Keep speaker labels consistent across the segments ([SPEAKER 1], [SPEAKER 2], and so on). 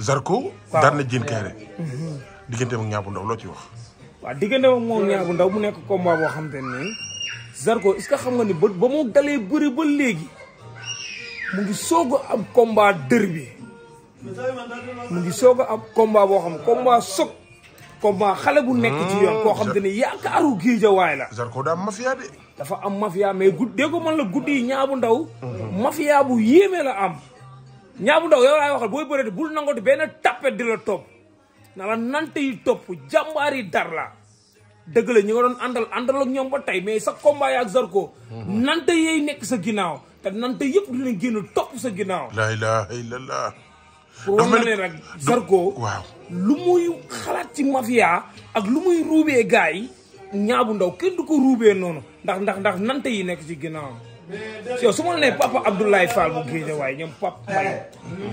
[SPEAKER 1] Zarko. waaw daan na Diène Kairé. Ndaw loo ci wax. waaw digganteem ak moom Niang Ndaw mu nekk combat boo xam te ne Zarko est-ce que xam nga ni ba ba galee dalee bëri ba léegi mu ngi soog a am combat dër bi mu ngi soog am combat boo xam combat soog. combat xale bu nekk ci yoon. koo xam te ne yaakaaru géejawaay la. Zarko daa mafia de. dafa am mafia mais gud dégg man la guddi yi Ndaw. Mhm. mafia bu yéeme la am. ñaabu ndaw yow laay waxal booy bëreet bul nangootu benn tapet di la topp na la nante yi topp jàmbaar yi dar la dëgg la ñu nga doon àndal àndal ak ñoom ba tey mais sa combat ak Zarko mhm. nante yey nekk sa ginnaaw te nante yëpp dinañ génn topp sa ginnaaw la ilaha illallah pour war na leen rek Zarko lu muy xalaat ci mafia ak lu muy ruubee gars yi ñaabu ndaw kenn du ko ruubee noonu ndax ndax ndax nante yi nekk ci ginnaaw yow su ma la nee papa Abdoulaye Fall bu Guédiawaye ñoom papa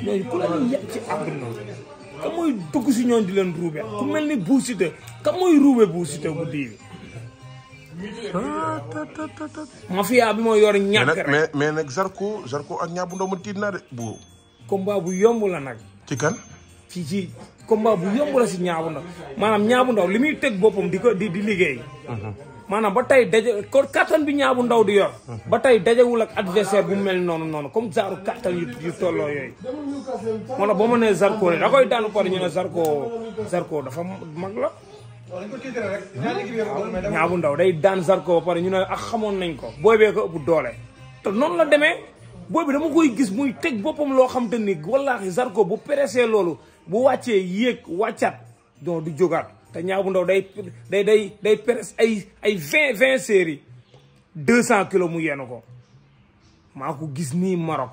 [SPEAKER 1] Mbaye ku la ñu yàq ci àdduna ka mooy dugg si ñooñu di leen ruube ku mel ni Bou Siteu ka mooy ruube Bou Siteu bu diibi mafia bi moo yor ñàkk rek mais mais nag Zarko Zarko ak ñaabu ndaw tiit naa de bu combat bu yomb la nag ci kan ci ci combat bu yomb la si ñaabu ndaw maanaam ñaabu ndaw li muy teg boppam di ko di di liggéey. maanaam ba tey daje ko kattan bi ñaabu ndaw di yor. ba tey dajewul ak adversaire bu mel noonu noonu comme genre kattan yu yu tolloo yooyu. moo tax ba ma nee Zarko ne daanu pare ñu ne Zarko Zarko dafa mag la. ñaabu ndaw day daan Zarko ba pare ñu ne ak xamoon nañ ko. booy bee ko ëpp doole te noonu la demee booy bi dama koy gis muy teg boppam loo xam te ni wallaahi Zarko bu pressé loolu. bu wàccee yéeg wàccat doo du jógaat te ñaaw bu ndaw day day day ay ay vingt vingt séries deux cent kilos mu yenu ko maa ko gis nii Maroc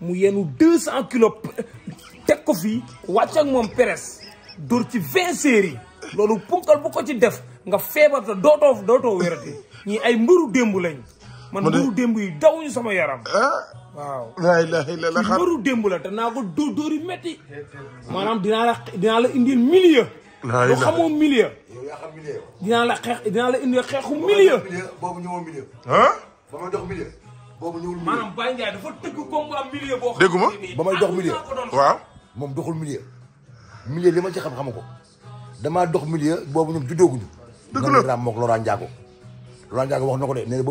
[SPEAKER 1] mu yenu deux cent kilos teg ko fii wàcc moom presse dóor ci vingt séries loolu punkal bu ko ci def nga feebar te dootoo dootoo wérati ñii ay mbëru démb lañ man mbëru démb yi dawuñu sama yaram waaw laa ilaaha illallah xar mbëru démb la te naa ko dóor dóor maanaam dinaa la dinaa la indil milieu loo xamoo la xeex xeexu milieu boobu ñëwoo milieu ñëwul milieu maanaam déggu ma ba may dox milieu waaw moom doxul milieu milieu li ma ci xam-xama ko damaa dox milieu boobu ñoom juddooguñu dëgg la moom mook Laurent Ndiago Laurent Ndiago wax na ko de nee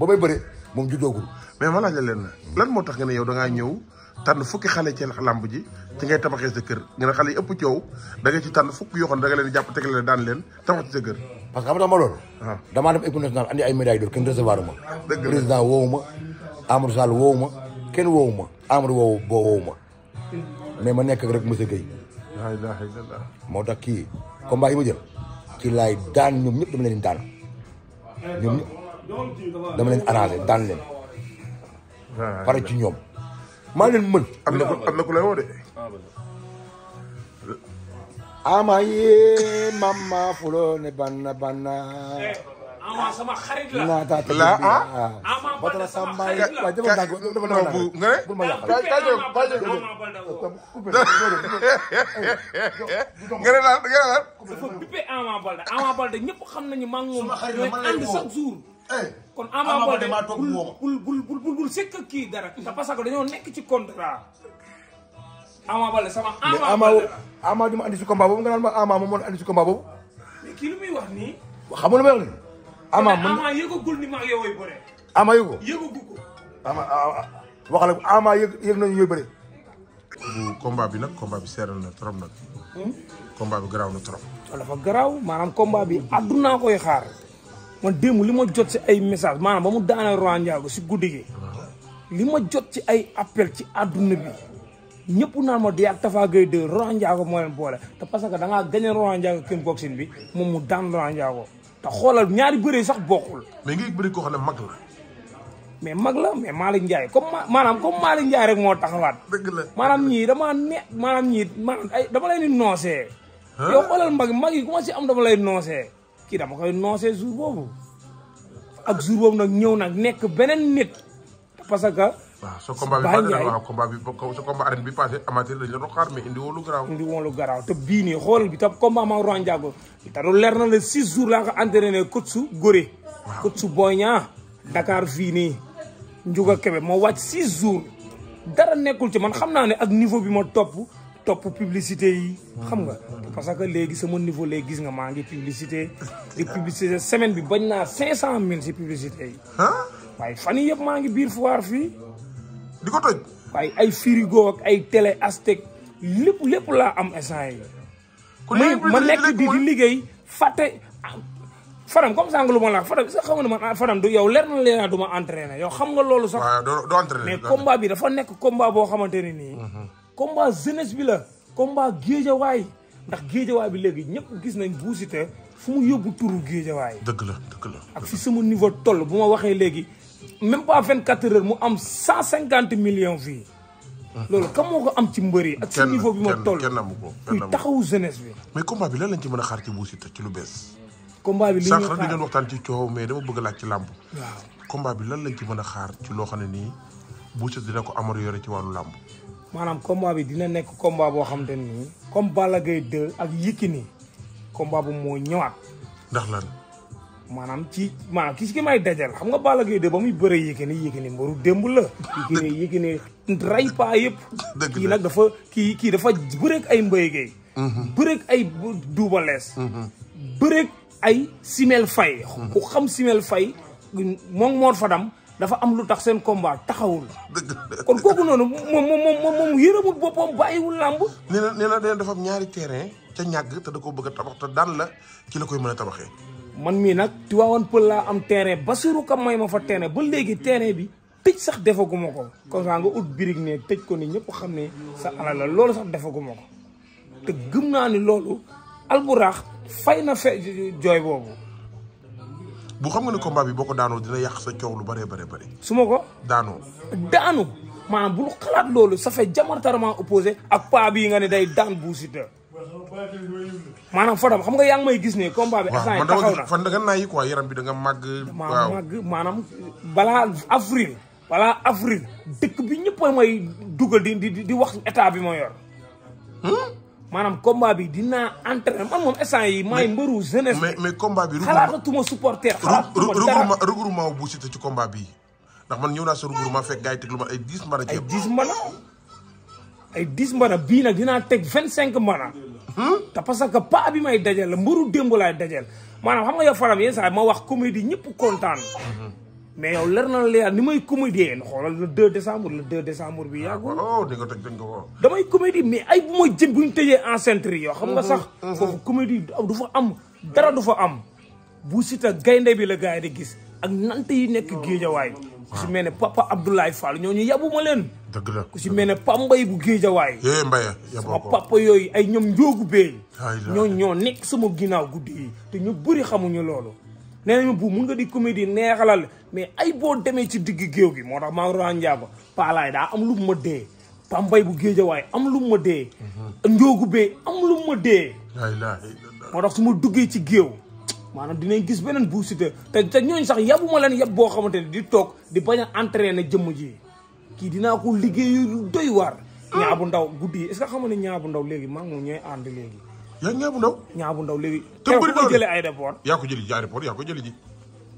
[SPEAKER 1] ba muy bëre moom juddoogul mais ma leen la lan moo tax nga ne yow da ngaa ñëw tànn fukki xale ci làmb ji ci ngay tabaxee sa kër nga ne xale yi ëpp coow da nga ci tànn fukki yoo xam ne da nga leen jàpp tegle leen daan leen tabax ci sa kër parce que xam nga ma loolu ah. damaa dem équipe nationale andi ay médaille d'or kenn recevoir ma président woowu ma Amadou Sall kenn woowu ma Amadou woowu boo woowu ma mais ma nekk rek monsieur Guèye la ilaha illallah moo tax kii combat yi ma jël ci laay daan ñoom ñëpp dama leen daan ñoom dama leen arrangé daan leen. pare ci ñoom. maa leen mën. am na ku am na ku lay woo de. amaye mama fulo ne banna banna. ama sama xarit la naa taa tëjee bi ah. ba tala samba yi waaye dama dàgg dama dàgg nga ne. bu ma yàqal nga ne daal nga ne daal. dafa bippe Ama Baldé Ama Baldé ñëpp xam nañu maa ngi moom. ñooy ànd chaque jour. Eh, kon Ama Baldé maa toog moom bul bul bul bul bul sekk kii dara te parce que dañoo nekk ci contrat Ama Baldé sama Ama Ama du ma andi si combat boobu nga naan ma Ama moom moo andi si combat boobu mais kii lu muy wax nii xam nga wax nii Ama mën Ama yëgagul ni ma ak yow ay bëre Ama yëgu yëgagu guko. Ama waxal Ama yëg yëg nañu yooyu bëre bu combat bi nag combat bi seeral na trop nag hmm? combat bi garaaw na trop dafa garaaw maanaam combat bi àddunaa koy xaar man démb li ma jot ci ay message manam ba mu daanee Roi ci si guddi gi li ma jot ci ay appel ci aduna bi ñepp naan mo di ak Tafa Gueye 2 Roi Ndiago moo leen boole te parce que da ngaa gagné Roi kim boxing bi moom mu daan Roi Ndiago te xolal ñaari bëree sax bokul mais ngay bëri ko xam ne mag la. mais mag la mais malik ndjay comme manam comme malik ndjay rek mo taxawat deug la manam ñi dama ne manam ñi dama lay ni noosee. yo xolal mag magi yi ci am dama lay noosee. kii dama koy noosee jour boobu ak jour boobu nag ñëw nag nekk beneen nit parce que. waaw sa combat bi passé waaw la doon xaar mais indi woon lu garaaw. indi woon lu garaaw te bii nii xoolal bi tam combat ma Roy Ndiago te leer na la six jours laa ko entraîné coach su Gorée. waaw coach su Boy Niang Dakar fii nii. Ndiouga Kébé moo wàcc six jours dara nekkul ci man xam naa ne ak niveau bi ma topp. topp publicité yi xam nga parce que léegi sama niveau léegi gis nga maa ngi publicité di publicité semaine bi bañ naa cinq cent mille si publicité yi waaye fan yëpp maa ngi biir foire fii di ko toj waaye ay frigo ay télé aztec lépp lépp laa am instant yi ma nekk di liggéey fatte ah, Fadam comme sànq lu ma la wax Fadam sax xam nga ma ah, entraîné yow xam nga loolu sax mais combat bi dafa nekk combat boo xamante ne nii mm-hmm. combat jeunesse bi la combat géejawaay ndax géejawaay bi léegi ñëpp gis nañ Bou Siteu fu mu yóbbu turu géejawaay dëgg la dëgg la ak fi sama niveau toll bu ma waxee léegi même pas vingt quatre heures mu am cent cinquante millions fii ah. loolu kam am ci mbër yi ak si niveau bi ma toll kenn amu ko kuy taxawu jeunesse bi mais combat bi lan lañ ci mën a xaar ci Bou Siteu ci lu bees combat bi li ñuy xaar sànq di mais dama bëgg laaj ci làmb waaw bi lan lañ ci mën a xaar ci loo xam ne nii Bou dina ko amar yore ci wàllu làmb maanaam combat bi dina nekk combat boo xamante ni comme Balla Gaye 2 ak Yékini moo ñëwaat. ndax lan. maanaam ci maanaam ki si ki may dajal xam nga Balla Gaye 2 ba muy bëree Yékini Yékini mbaru démb la. Yékini Yékini rey paa yëpp. dëgg kii nag dafa kii kii dafa bëreeg ay Mbaye Guèye. Mhm. ay Double Less. Mhm. bëreeg ay Simel Faye. ku xam Simel Faye moom Mor Fadam. dafa am lu tax seen combat taxawul. kon koku nonu mom mom mom mom yërëmul boppam bàyyiwul làmb. nee na nee na dafa am ñaari terrain ca ñag te da koo bëgg tabax te dal la ci la koy mëna tabaxé tabaxee. man mii nag Tiwaawan peul la am terrain Basiru Ka moy ma fa terrain ba légui terrain bi tëj sax defaguma ko. sa nga ut birig ne tëj ko ni ñepp xamné sa ala la lolu sax defaguma te gëm na ni lolu alburaax fayna fe joy bobu bu xam nga ne combat bi boo ko daanoo dina yàq sa coow lu bare bëri bëri. su ma ko. daanoo daanu maanaam bul xalaat loolu ça fait diamétralement opposé ak paa nga ne day daan Bou Siteu. maanaam Fadam xam nga yaa ngi may gis ne combat bi. instant yii taxaw na fan da nga naay yaram bi da mag màgg. waaw maanaam balaa avril. balaa avril dëkk bi ñëpp a may dugal di wax état bi ma yor. Hmm? maanaam combat bii dina entraîner man moom instant yi maay mbëru jeunesse. mais mais combat bi. xalaatatuma supporter xalaatatuma dara regroupement bu Siteu ci komba bi ndax man ñëw naa sa regroupement fekk gars teg lu mat ay dix mbana. ay dix mbana ay dix bii nag dinaa teg vingt cinq mbana. Hmm? te parce que bi may dajal la mbëru démb laay dajal maanaam xam nga yow faram yenn saa ma wax comédie ñëpp kontaan. Hmm. mais yow leer na leer ni may comédie na xoolal le 2 décembre la 2 décembre bi yàggul. Ah, waaw di nga tëj dañ damay comédie mais ay bu ma jëm bu ñu tëjee en centre yoo xam nga sax. Mhm, mhm. foofu comédie du fa am dara du fa am. bu Siteu gaynde bi la gars yi di gis ak nante yi nekk géejawaay. ku si mel ne papa Abdoulaye Fall ñooñu yabu ma leen. dëgg la ku si mel ne Pam Mbaye bu géejawaay. yee Mbaye sama papa yooyu ay ñoom njoogu beey. ñooñu ñoo nekk sama ginnaaw guddi yi te ñu bëri xamuñu loolu. nee bu mën nga di comédie neexalal mais ay bo démé ci digg geew gi motax ma maa ngi doon amlu paalaay daa am lu ma dee pambay bu way am lu ma dé mhm. ndogu bé am lu ma dé moo tax su ma duggee ci geew manam dinañ gis beneen buusite té té ñoo sax yabuma leen yab bo xamante di tok di baña entraîner jëm ji ki dina ko liggéey doy war ah. ñaabu ndaw guddii est ce que ñaabu ndaw légui ma ngi ñoy and légui yaa ngi ñaabu ndaw. ñaabu ndaw léegi. te bëri naa jëlee aéroport. yaa ko jëli ji aéroport yaa ko jëli ji.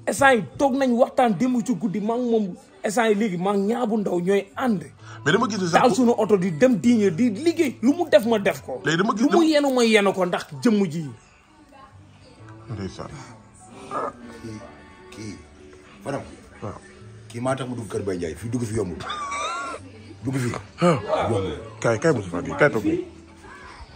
[SPEAKER 1] instant yi toog nañ waxtaan démb ci guddi maa ngi moom instant yi léegi maa ngi ñaabu ndaw ñooy ànd. mais dama gis ne sax daal suñu oto di dem diine di liggéey lu mu def ma def ko. léegi dama gis lu mu yenu ma yenu ko ndax jëmm ji. ndeysaan. kii kii Fadam. waaw kii maa tax mu dugg Kër Baye Ndiaye fii dugg fi yombul dugg fi. yombul kay kay Moussa Faye kay toog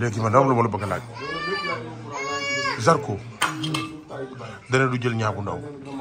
[SPEAKER 1] léegi man daam lu ma la bëgg laaj Zarko dana du jël ñaabu ndaw